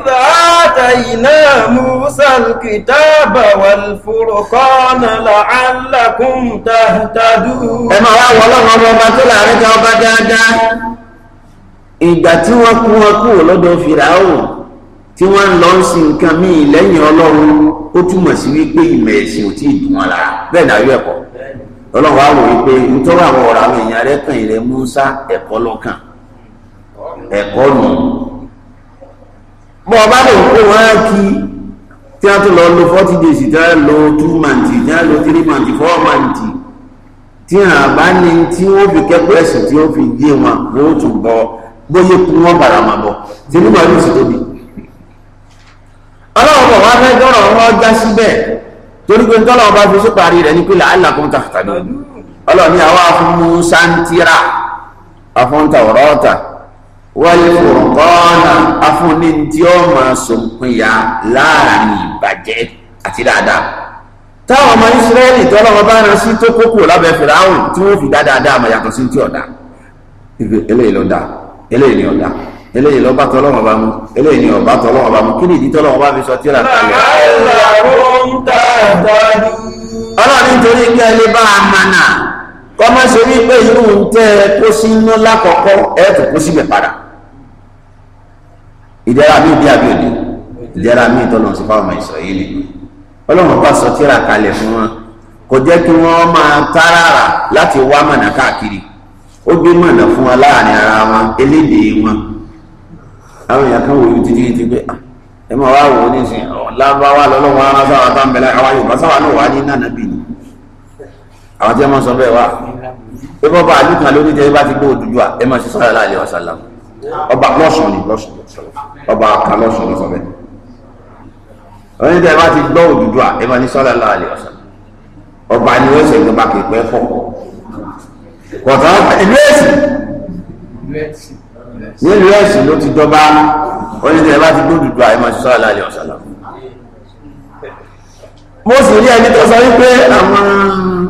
آتينا موسى الكتاب والفرقان لعلكم تهتدون ọba ìgbà tí wọ́n kú wọn kú lọ́dọ̀ tí wọ́n ń lọ sí nǹkan míì lẹ́yìn ọlọ́run ó túmọ̀ sí wípé ìmọ̀ ẹ̀sìn ò tí dùn wọn bẹ́ẹ̀ náà ẹ̀kọ́ ọlọ́run wípé bọ́ ọba lè kó wọ́n kí tí a tó lọ lo forty days tí a lo two months tí a lo three months four months tí a bá ní tí wọ́n fi kẹ́kọ̀ọ́ ẹ̀sìn tí wọ́n fi yé wọn wọ́n tún bọ́ bóyá kú wọ́n bàrà máa bọ̀ tí nígbà yóò sì tóbi ọlọ́run bọ̀ wá fẹ́ dọ́rọ̀ ọ̀rọ̀ já síbẹ̀ torí pé tọ́lọ̀ ọba fi síparí rẹ̀ ní pílà alákùn tàkàtà ọlọ́run ni àwa fún mú ọ̀tà wàlífòrọ̀kọ́nà afúnni tí ó máa sòpinya láàrin ìbàjẹ́ àti dáadáa táwọn ọmọ ìsírẹ́lì tọ́lọ́wọ́ bá rán sí tó kókò lábẹ́ fìràhùn tí wọ́n fi dáadáa mọ̀ yàtọ̀ sí ti ọ̀dà eléyìí ló dà eléyìí ni ọ̀dà eléyìí lọ́ba tọ́lọ́wọ́ bá mú eléyìí ni ọ̀bá tọ́lọ́wọ́ bá mú kí ni ìdí tọ́lọ́wọ́ bá fi sọ tí ó rà kalẹ̀. ọlọ́run torí irú ń tẹ́ kó sínú lákọ̀ọ́kọ́ ẹ̀ tó kó síbẹ̀ padà ìdẹ́ra mi bí àbí òde ìdẹ́ra mi tọ́nà sí fáwọn ọmọ Ísírẹ́lì nìyí ọlọ́run bá sọ tírà kalẹ̀ fún wọn kò jẹ́ kí wọ́n máa táràrà láti wá mọ̀nà káàkiri ó gbé mọ̀nà fún wọn láàrin ara wọn elédèé wọn àwọn èèyàn kan wòye títí títí pé ah, ẹ máa wá wò ó nísìnyí lábáwá lọ́lọ́wọ́ ara sáwà tá ń bẹ̀rẹ̀ àwa Yorùbá sáwà náà wà ní nànà bì ní àwọn tí wọ́n sọ bẹ́ẹ̀ wá pé bọ́ba àlùkàn lórí tẹ́ bá ti gbé òdùdú à ẹ máa ṣe sọ́yà láàlẹ́ ọ̀sán làwọn ọba lọ́sùn ni lọ́sùn lọ́sùn ọba àkàlọ́ sùn ló sọ bẹ́ẹ̀ wọ́n ní tẹ́ ẹ bá ti gbọ́ Odùduwà ẹ máa ní sọ́lá láàlẹ́ ọ̀sán ọba ni wọ́n ṣe ìjọba kẹ̀kẹ́ fọ̀ kọ̀tà ìlú ẹ̀sìn nílùú ẹ̀sìn ló ti dọ́ba wọ́n ní tẹ́ ẹ bá ti gbọ́ Odùduwà ẹ máa ní sọ́lá láàlẹ́ ọ̀sán lọ. mo sì rí ẹni tó sọ wípé àwọn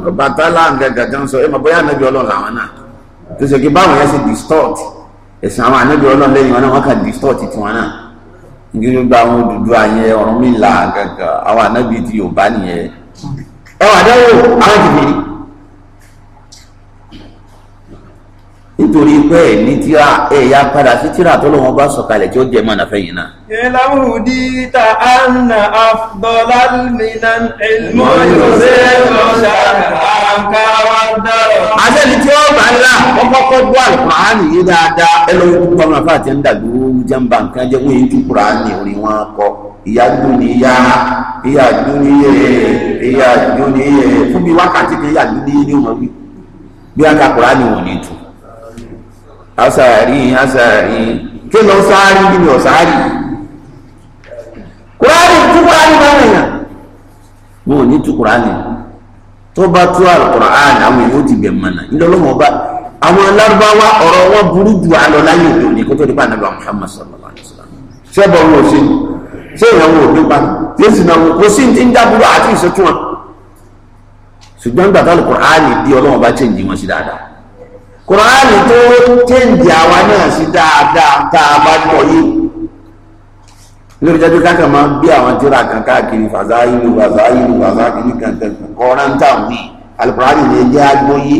Ọbàtálá gàgàjà ń sọ ẹ mọ̀ bóyá anábì ọlọ́run làwọn náà tó ṣe kí báwọn yẹn ṣe distort ẹ̀sìn àwọn ànábì ọlọ́run lẹ́yìn wọn náà wọ́n kà distort tiwọn náà nítorí gba àwọn Odùduwà yẹn ọ̀run mi là gàgà àwọn ànábì ti Yorùbá nìyẹn ẹ wà dáwọ àwọn jìbìrì nítorí pé ẹ ní tíra ẹ ya padà sí tíra tó lọ́wọ́ bá sọ̀kalẹ̀ tí ó jẹ́ mọ́nà fẹ́yìn náà. ìlànà òdì ta anna afdọ́lá minan ilmọ̀ yóò ṣe é lọ́ṣà náà àṣẹ́ni tí ó bá ńlá kọ́kọ́kọ́ bó àlùkùránì yìí dáadáa ẹ lọ́wọ́ púpọ̀ máa fà tí ń dàgbò jẹ́ǹbà nǹkan jẹ́ wọ́n yìí tú kùránì orin wọn kọ ìyá dúníyà ìyá dúníyè ìyá dúníyè fún mi wákàtí kan ìyá dúníyè ni wọ́n wí bí wọ́n ka kùránì wọn ní tu. asàárì asàárì kí ló sáárì kí ni ọ̀sáárì kùránì tú kùránì báwọn èèyàn wọn ò ní tú kùránì tó bá tú alukur'an àwọn èèyàn ó ti bẹ̀ mọ́nà ńlọ́lọ́mọ bá àwọn alárúbáwá ọ̀rọ̀ wọn burú jù alọ láyé òde òní kó tó di pa Muhammad sallallahu alayhi wa sallam sẹ́bọ̀ wọn ò sí ṣé ìyàwó òde pa jésù náà kò sí ti ń dábúrò àti ìṣẹ́tún wọn ṣùgbọ́n gbà tá alukur'an di ọlọ́wọ́n bá chẹ́ǹjì wọn sí dáadáa kur'an tó chẹ́ǹjì àwa náà sí dáadáa tá a bá gbọ́ yìí nítorí jẹ́ pé káàkiri máa ń gbé àwọn tíra kan káàkiri fàzáyìlú fàzáyìlú fàzáyìlú kankan kọ́ra ń tàn wí alukurani lè jẹ́ agbóyé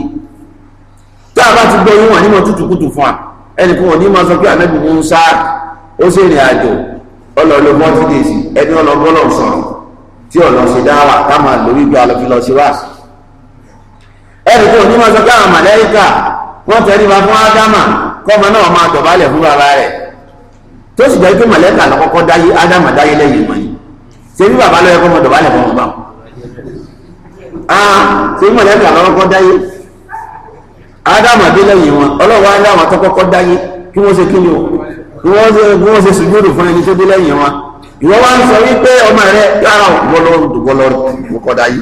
tá a bá ti gbóyé wọn nímọ̀ tutukutu fún wa ẹnì fún wọn ní máa sọ pé anabi musa ó sì rìn àjò ọlọ́ọ̀lọ́ forty days ẹni ọlọ́gbọ́lọ́ sọ̀rọ̀ tí ọ̀lọ́ ṣe dáwà ká máa lórí ibi àlọ́ fi lọ sí wáàsí ẹnì fún wọn ní máa sọ pé àwọn màlẹ́ríkà wọ́n tẹríba tó sì jẹ́ pé mọ̀lẹ́kà lọ́kọ́kọ́ dáyé ádámà dáyé lẹ́yìn ìmọ̀ yìí ṣé bí bàbá lọ́yẹ kọ́mọ dọ̀bálẹ̀ fọmọ bá wọn ṣé bí mọ̀lẹ́kà lọ́kọ́kọ́ dáyé ádámà dé lẹ́yìn wọn ọlọ́wọ́ ádámà tó kọ́kọ́ dáyé kí wọ́n ṣe kíni o kí wọ́n ṣe kí wọ́n ṣe sùjúdù fún ẹni tó dé lẹ́yìn wọn ìwọ wá ń sọ wípé ọmọ rẹ yára gbọlọ kọ́ dáyé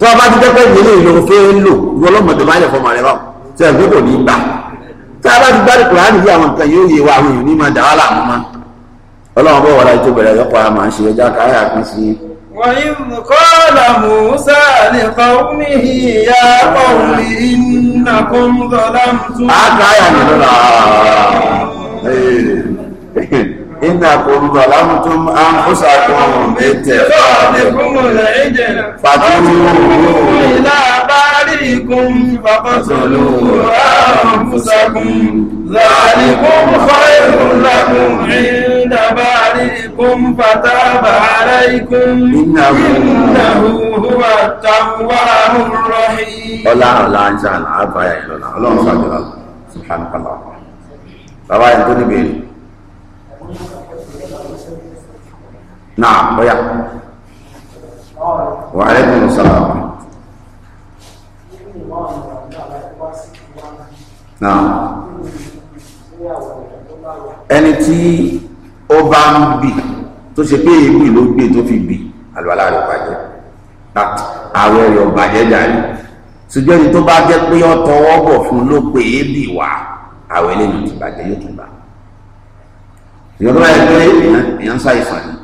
tó o bá ti dẹ́pẹ́ ìdílé ìlò fẹ́ẹ́ lò gbọlọ́mọdé má tá a bá ti gbádùn kùránì yí àwọn nǹkan yóò yé wa àwọn èèyàn ní máa dà wá láàmú mọ́ ọlọ́run bọ̀ wọlé tó bẹ̀rẹ̀ yọpọ̀ àmà ṣe ẹja káyà kan sí. وإذ قال موسى لقومه يا قوم إنكم ظلمتم. àkàyà nìlọ́la. إنكم ظلمتم أنفسكم باتخاذكم العجل فتوبوا إلى بارئكم فاقتلوا أنفسكم ذلكم خير لكم عند بارئكم فتاب عليكم إنه, إنه هو التواب الرحيم الله لا إن شاء الله أبا الله الله سبحانك الله bàbá yẹn tó níbèrè. نعم ويا وعليكم السلام نعم ẹni tí ó bá ń bì tó ṣe pé èébì ló gbé tó fi bì àlùbálà rẹ̀ bàjẹ́ àwẹ̀ rẹ̀ bàjẹ́ jàre ṣùgbọ́n ẹni tó bá jẹ́ pé ó tọwọ́ bọ̀ fún ló pé èébì wá àwẹ̀ lẹ́nu ti bàjẹ́ yóò tún bá ìyọ́n tó bá yẹ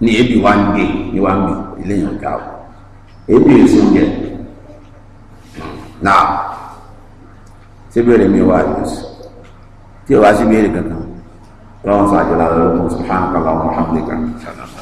ní ebi wá ń gbé ní wá ń gbé iléyàn ga o ebi èso oúnjẹ náà ṣé bèrè mi wá àdúgbò tí o wá sí bèrè kankan lọ́wọ́ sọ àjọlá lọ́wọ́ sọ fún àwọn kàlá wọn hàn nígbà sàlámù.